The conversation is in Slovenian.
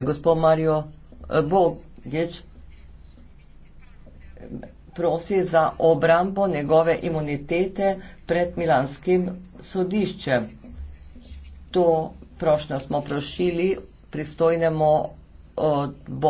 Gospod Marijo, eh, Bog Ječ prosi za obrambo njegove imunitete pred Milanskim sodiščem. To prošnjo smo prošili pristojnemu eh, odboru.